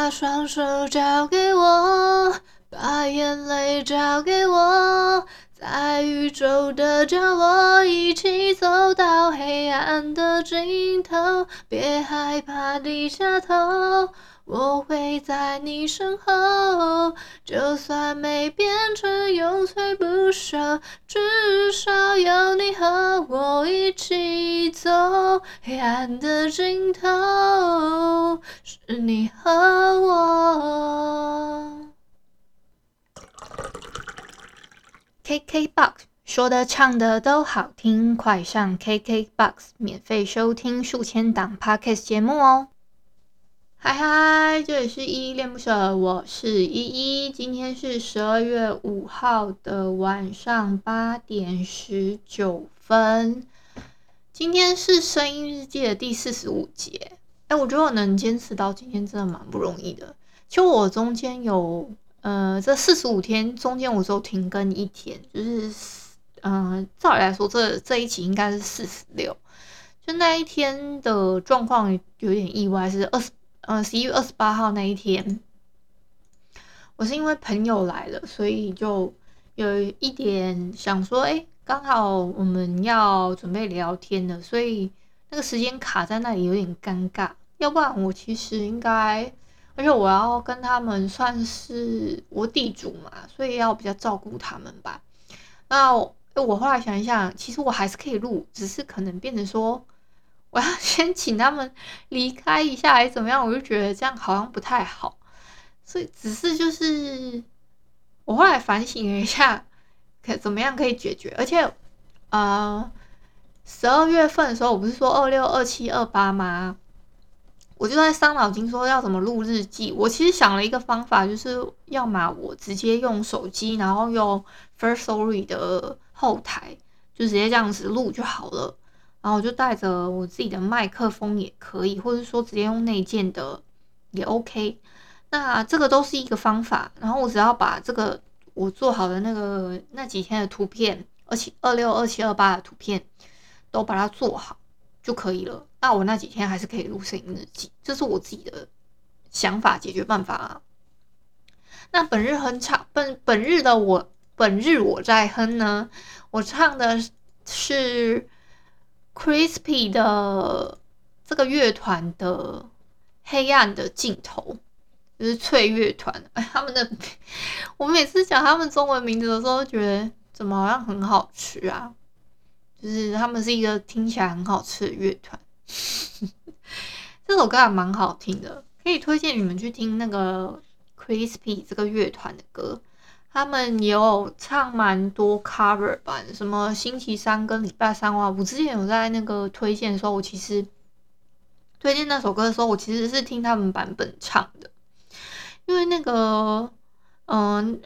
把雙手交給我，把眼淚交給我，在宇宙的角落一起走到黑暗的盡頭。別害怕低下頭，我會在你身後。就算沒變成永垂不朽，至少有你和我一起走黑暗的盡頭。你和我。KKBox 說的唱的都好聽，快上 KKBox 免費收聽數千檔 Podcast 節目哦！嗨嗨，這裡是依依戀不捨，我是依依，今天是十二月五號的晚上八點十九分，今天是聲音日記的第四十五節。哎、欸，我覺得我能堅持到今天真的蠻不容易的。其實我中間有，呃，這四十五天中間，我只有停更一天，就是，嗯、呃，照理來說，這這一集應該是四十六。就那一天的狀況有點意外，是二十，呃，十一月二十八號那一天，我是因為朋友來了，所以就有一點想說，哎、欸，剛好我們要準備聊天了，所以。那個時間卡在那裡有點尷尬，要不然我其實應該，而且我要跟他們算是我地主嘛，所以要比較照顧他們吧。那我，我後來想一想，其實我還是可以錄，只是可能變成說我要先請他們離開一下，還是怎麼樣？我就覺得這樣好像不太好，所以只是就是我後來反省了一下，可怎麼樣可以解決？而且，啊、呃。十二月份的時候，我不是說二六二七二八嗎？我就在傷腦筋說要怎麼錄日記。我其實想了一個方法，就是要麼我直接用手機，然後用 Firstory 的後台，就直接這樣子錄就好了。然後我就帶着我自己的麥克風也可以，或者說直接用內建的也 OK。那這個都是一個方法。然後我只要把這個我做好的那個那幾天的圖片，二七二六二七二八的圖片。我把它做好就可以了。那我那幾天還是可以錄聲音日記，這是我自己的想法解決辦法啊。那本日哼唱本本日的我本日我在哼呢，我唱的是 Crispy 的這個樂團的《黑暗的盡頭》，就是脆樂團。哎，他們的我每次講他們中文名字的時候，覺得怎麼好像很好吃啊？就是他們是一個聽起來很好吃的樂團，這首歌還蠻好聽的，可以推薦你們去聽那個 Crispy 這個樂團的歌。他們也有唱蠻多 cover 版，什麼星期三跟禮拜三啊。我之前有在那個推薦的時候，我其實推薦那首歌的時候，我其實是聽他們版本唱的，因為那個，嗯，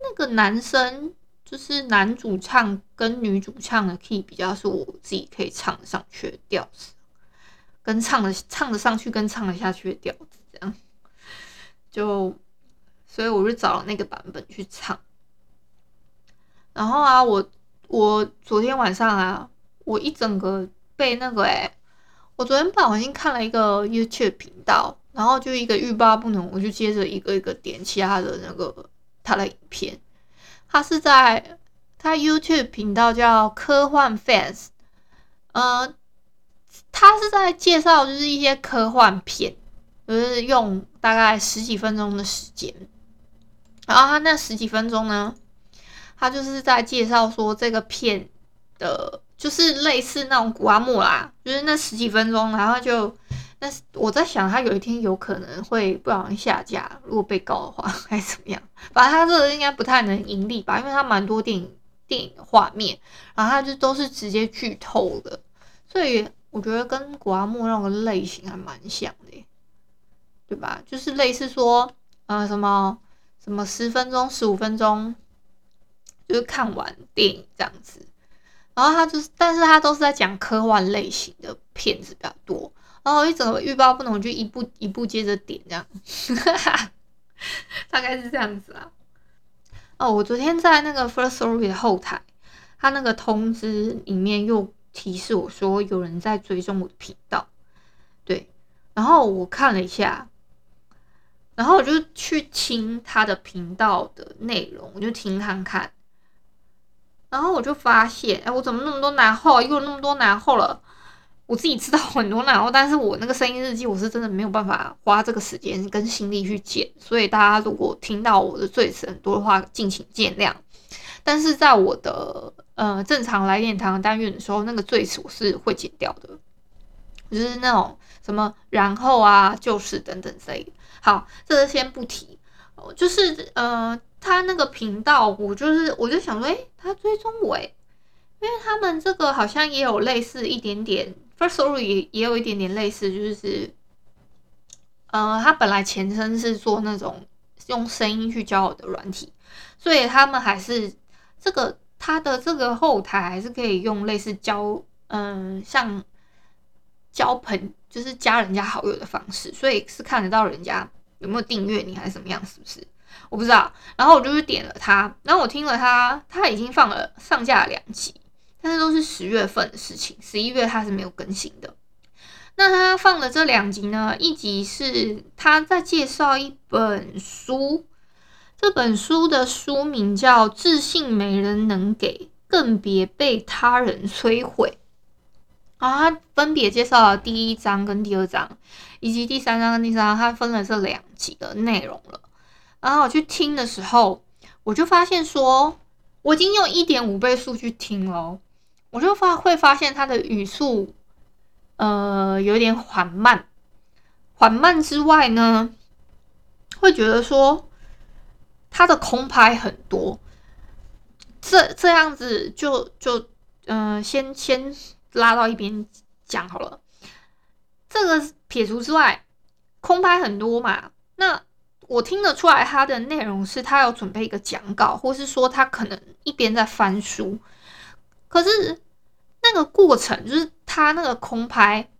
那個男生。就是男主唱跟女主唱的 key 比較是我自己可以唱上去的調子，跟唱的唱的上去跟唱的下去的調子這樣，就所以我就找了那個版本去唱。然後啊，我我昨天晚上啊，我一整個被那個誒、欸，我昨天不小心看了一個 YouTube 頻道，然後就一個欲罷不能，我就接着一個一個點其他的那個他的影片。他是在他 YouTube 頻道叫科幻 Fans，呃，他是在介紹就是一些科幻片，就是用大概十幾分鐘的時間，然後他那十幾分鐘呢，他就是在介紹說這個片的，就是類似那種古阿木啦，就是那十幾分鐘，然後就。但是我在想，他有一天有可能會不小心下架，如果被告的話，還怎麼樣？反正他這個應該不太能盈利吧，因為他蠻多電影電影畫面，然後他就都是直接劇透的，所以我覺得跟谷阿莫那種類型還蠻像的、欸，對吧？就是類似說，呃什麼什麼十分鐘、十五分鐘，就是看完電影這樣子，然後他就是，但是他都是在講科幻類型的片子比較多。然後，一整個欲罷不能，我就一步一步接着點這樣，哈哈大概是這樣子啊。哦，我昨天在那個 Firstory 的後台，他那個通知裡面又提示我說，有人在追蹤我的頻道，對。然後我看了一下，然後我就去聽他的頻道的內容，我就聽看看。然後我就發現，哎，我怎麼那麼多男後？又有那麼多男後了。我自己知道很多然後，但是我那個聲音日記我是真的沒有辦法花這個時間跟心力去剪，所以大家如果聽到我的贅詞很多的話，敬請見諒。但是在我的呃正常來點糖單元的時候，那個贅詞我是會剪掉的，就是那種什麼然後啊就是等等這一。好，這個先不提。呃、就是呃他那個頻道，我就是我就想說，誒、欸，他追蹤我、欸、因為他們這個好像也有類似一點點。Firstory 也也有一點點類似，就是，呃，他本來前身是做那種用聲音去交友的軟體，所以他們還是這個他的這個後台還是可以用類似交，嗯、呃，像交朋就是加人家好友的方式，所以是看得到人家有沒有訂閱你還是怎麼樣，是不是？我不知道。然後我就是點了他，然後我聽了他，他已經放了上架了兩集。但是都是十月份的事情，十一月他是沒有更新的。那他放的這兩集呢？一集是他在介紹一本書，這本書的書名叫《自信沒人能給，更別被他人摧毀》啊。然後他分別介紹了第一章跟第二章，以及第三章跟第三章，他分了這兩集的內容了。然後我去聽的時候，我就發現說，我已經用一點五倍速去聽了。我就發會發現他的語速呃有點緩慢，緩慢之外呢，會覺得說他的空拍很多，這這樣子就就嗯、呃、先先拉到一邊講好了，這個撇除之外，空拍很多嘛，那我聽得出來他的內容是他要準備一個講稿，或是說他可能一邊在翻書。可是那個過程就是他那個空拍，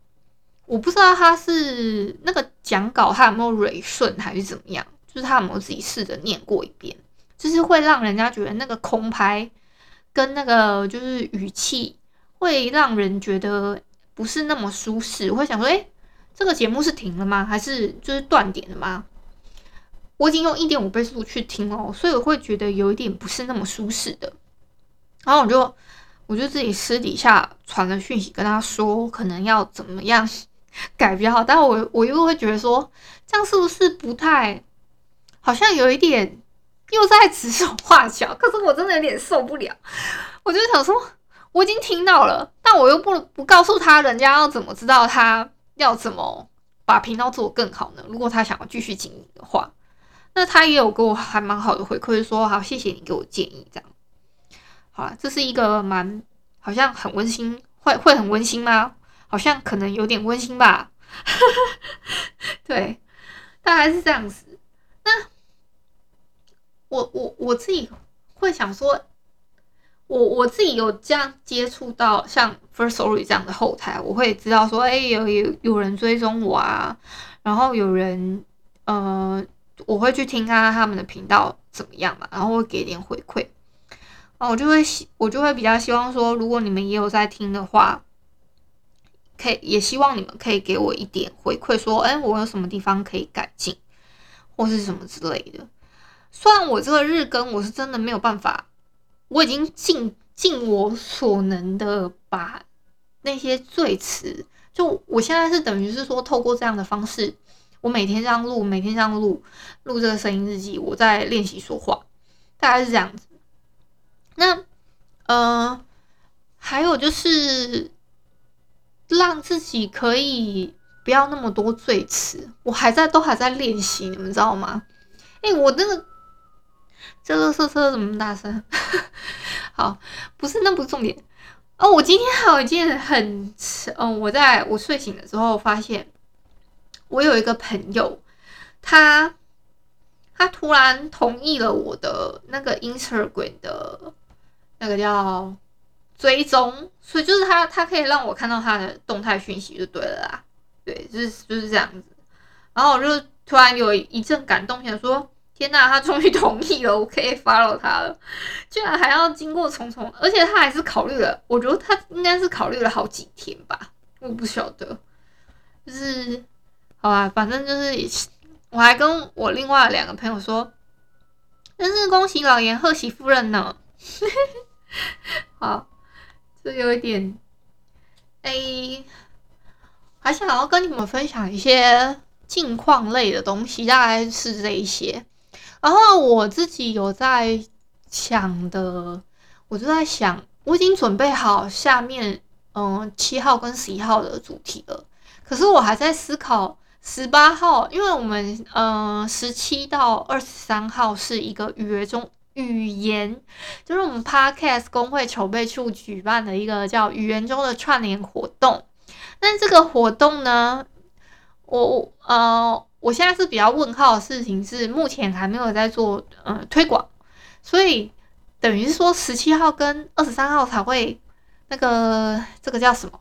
我不知道他是那個講稿他有沒有捋順還是怎麼樣，就是他有沒有自己試着念過一遍，就是會讓人家覺得那個空拍跟那個就是語氣會讓人覺得不是那麼舒適，我會想說，欸，這個節目是停了嗎？還是就是斷點了嗎？我已經用一點五倍速去聽喔，所以我會覺得有一點不是那麼舒適的，然後我就。我就自己私底下傳了訊息跟他說，可能要怎麼樣改比較好。但我我又會覺得說，這樣是不是不太，好像有一點又在指手畫腳。可是我真的有點受不了。我就想說，我已經聽到了，但我又不不告訴他，人家要怎麼知道他要怎麼把頻道做更好呢？如果他想要繼續經營的話，那他也有給我還蠻好的回饋，就是、說好，謝謝你給我建議。這樣好了，這是一個蠻。好像很溫馨，會會很溫馨嗎？好像可能有點溫馨吧。 對，大概是這樣子。那我我我自己會想說，我我自己有這樣接觸到像 First Story 這樣的後台，我會知道說，哎，有有有人追蹤我啊，然後有人，嗯、呃，我會去聽他他們的頻道怎麼樣嘛，然後會給點回饋。哦，我就會希，我就會比較希望說，如果你們也有在聽的話，可以也希望你們可以給我一點回饋，說，哎、欸，我有什麼地方可以改進，或是什麼之類的。雖然我這個日更，我是真的沒有辦法，我已經盡盡我所能的把那些贅詞，就我現在是等於是說，透過這樣的方式，我每天這樣錄，每天這樣錄錄這個聲音日記，我在練習說話，大概是這樣子。那，呃，還有就是，讓自己可以不要那麼多贅詞，我還在，都還在練習，你們知道嗎？哎、欸，我那個，這個這這，怎麼那麼大聲？ 好，不是，那不是重點。哦，我今天還有一件很，嗯、哦，我在我睡醒的時候發現，我有一個朋友，他，他突然同意了我的那個 Instagram 的。那個叫追蹤，所以就是他，他可以讓我看到他的動態訊息就對了啦。對，就是就是這樣子。然後我就突然有一陣感動，想說：天吶，他終於同意了，我可以 follow 他了！居然還要經過重重，而且他還是考慮了，我覺得他應該是考慮了好幾天吧，我不曉得。就是好吧，反正就是，我還跟我另外兩個朋友說：真是恭喜老爺，賀喜夫人呢。 好，這有一點。A，、欸、還想要跟你們分享一些近況類的東西，大概是這一些。然後我自己有在想的，我就在想，我已經準備好下面嗯七、呃、號跟十一號的主題了，可是我還在思考十八號，因為我們嗯十七到二十三號是一個月中。語言就是我們 Podcast 公會籌備處舉辦的一個叫“語言中的串聯”活動，但這個活動呢，我我呃，我現在是比較問號的事情，是目前還沒有在做呃推廣，所以等於說十七號跟二十三號才會那個這個叫什麼，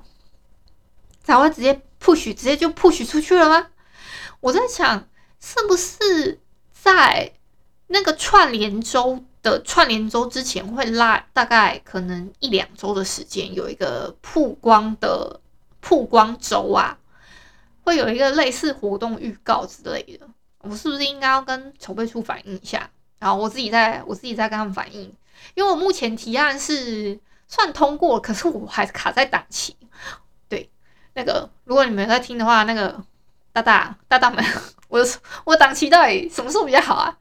才會直接 push 直接就 push 出去了嗎？我在想是不是在那個串聯週。的串聯周之前會拉大概可能一兩周的時間，有一個曝光的曝光周啊，會有一個類似活動預告之類的。我是不是應該要跟籌備處反映一下？然後我自己在我自己在跟他們反映，因為我目前提案是算通過，可是我還是卡在檔期。對，那個如果你們在聽的話，那個大大大大們，我我檔期到底什麼時候比較好啊？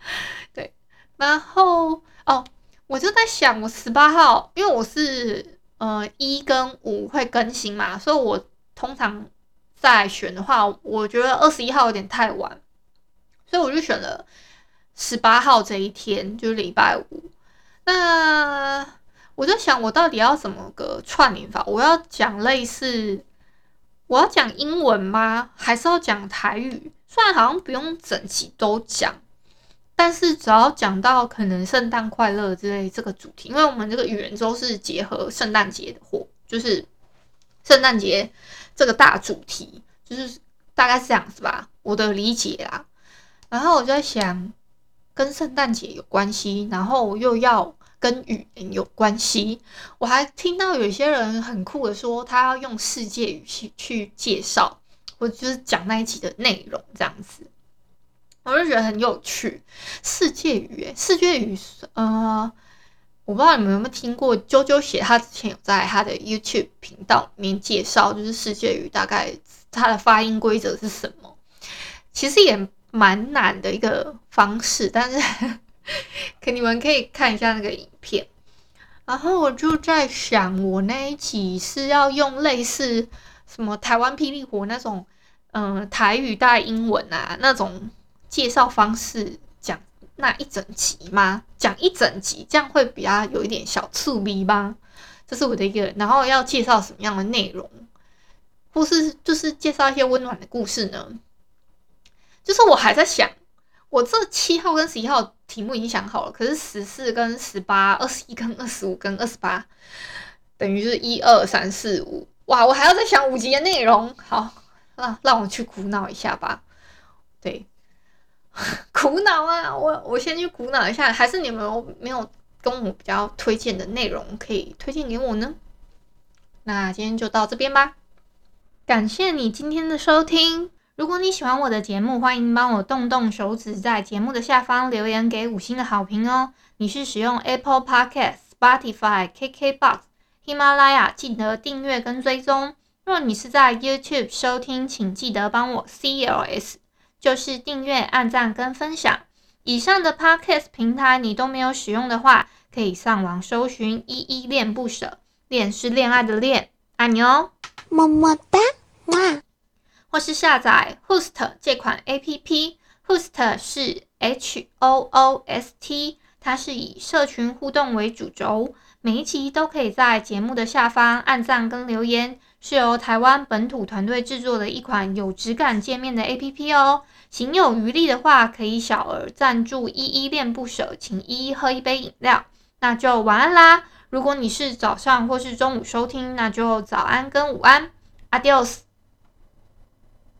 然後哦，我就在想，我十八號，因為我是呃一跟五會更新嘛，所以我通常在選的話，我覺得二十一號有點太晚，所以我就選了十八號這一天，就是禮拜五。那我就想，我到底要怎麼個串聯法？我要講類似，我要講英文嗎？還是要講台語？雖然好像不用整期都講。但是，只要講到可能“聖誕快樂”之類這個主題，因為我們這個語言週是結合聖誕節的，或就是聖誕節這個大主題，就是大概是這樣子吧，我的理解啦。然後我就在想，跟聖誕節有關係，然後又要跟語言有關係。我還聽到有些人很酷的說，他要用世界語去去介紹，或就是講那一集的內容這樣子。我就覺得很有趣，世界語、欸，世界語，呃，我不知道你們有沒有聽過啾啾鞋，他之前有在他的 YouTube 頻道裡面介紹，就是世界語大概它的發音規則是什麼，其實也蠻難的一個方式，但是呵呵可你們可以看一下那個影片。然後我就在想，我那一期是要用類似什麼台灣霹靂火那種，嗯、呃，台語帶英文啊那種。介紹方式講那一整集嗎？講一整集這樣會比較有一點小吃力嗎？這是我的一個，然後要介紹什麼樣的內容，或是就是介紹一些溫暖的故事呢？就是我還在想，我這七號跟十一號題目已經想好了，可是十四跟十八、二十一跟二十五跟二十八，等於是一二三四五哇，我還要再想五集的內容，好，那讓，讓我去苦惱一下吧。對。苦惱啊！我我先去苦惱一下，還是你們有沒有跟我比較推薦的內容可以推薦給我呢？那今天就到這邊吧，感謝你今天的收聽。如果你喜歡我的節目，歡迎幫我動動手指，在節目的下方留言給五星的好評哦。你是使用 Apple Podcast、Spotify、KKBox、Himalaya，記得訂閱跟追蹤。如果你是在 YouTube 收聽，請記得幫我 CLS。就是訂閱、按讚跟分享。以上的 Podcast 平臺你都沒有使用的話，可以上網搜尋“依依戀不捨”，戀是戀愛的戀，愛、啊、你哦，麼麼噠，哇！或是下載 Hoost 這款 APP，Hoost 是 H-O-O-S-T，它是以社群互動為主軸，每一期都可以在節目的下方按讚跟留言。是由台灣本土團隊製作的一款有質感界面的 APP 哦。行有餘力的話，可以小額贊助依依戀不舍，請依依喝一杯飲料。那就晚安啦！如果你是早上或是中午收聽，那就早安跟午安。Adios。